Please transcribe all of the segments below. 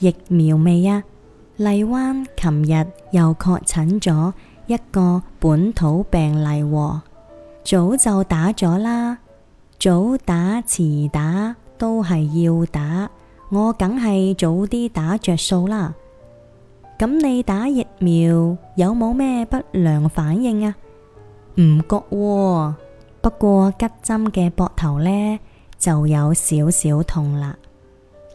疫苗未啊？荔灣琴日又確診咗一個本土病例喔，早就打咗啦。早打遲打都係要打，我梗係早啲打着數啦。咁你打疫苗有冇咩不良反應啊？唔覺喔，不過拮針嘅膊頭呢，就有少少痛啦。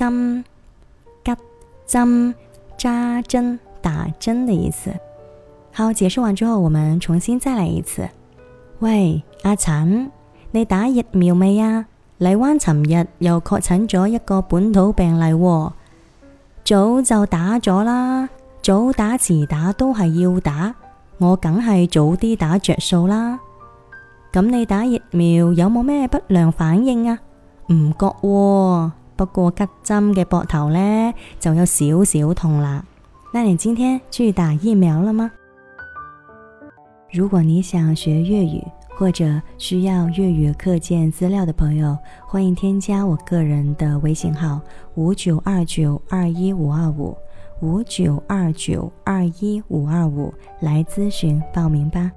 針拮針扎針打針嘅意思。好，解釋完之後，我們重新再嚟一次。喂，阿陳，你打疫苗未啊？荔灣尋日又確診咗一個本土病例喔。早就打咗啦。早打遲打都係要打，我梗係早啲打着數啦。咁你打疫苗有冇咩不良反應啊？唔覺喔。不過，拮針嘅膊頭呢，就有少少痛啦。那你今天去打疫苗了嗎？如果你想學粵語或者需要粵語課件資料的朋友，歡迎添加我個人的微信號五九二九二一五二五五九二九二一五二五來諮詢報名吧。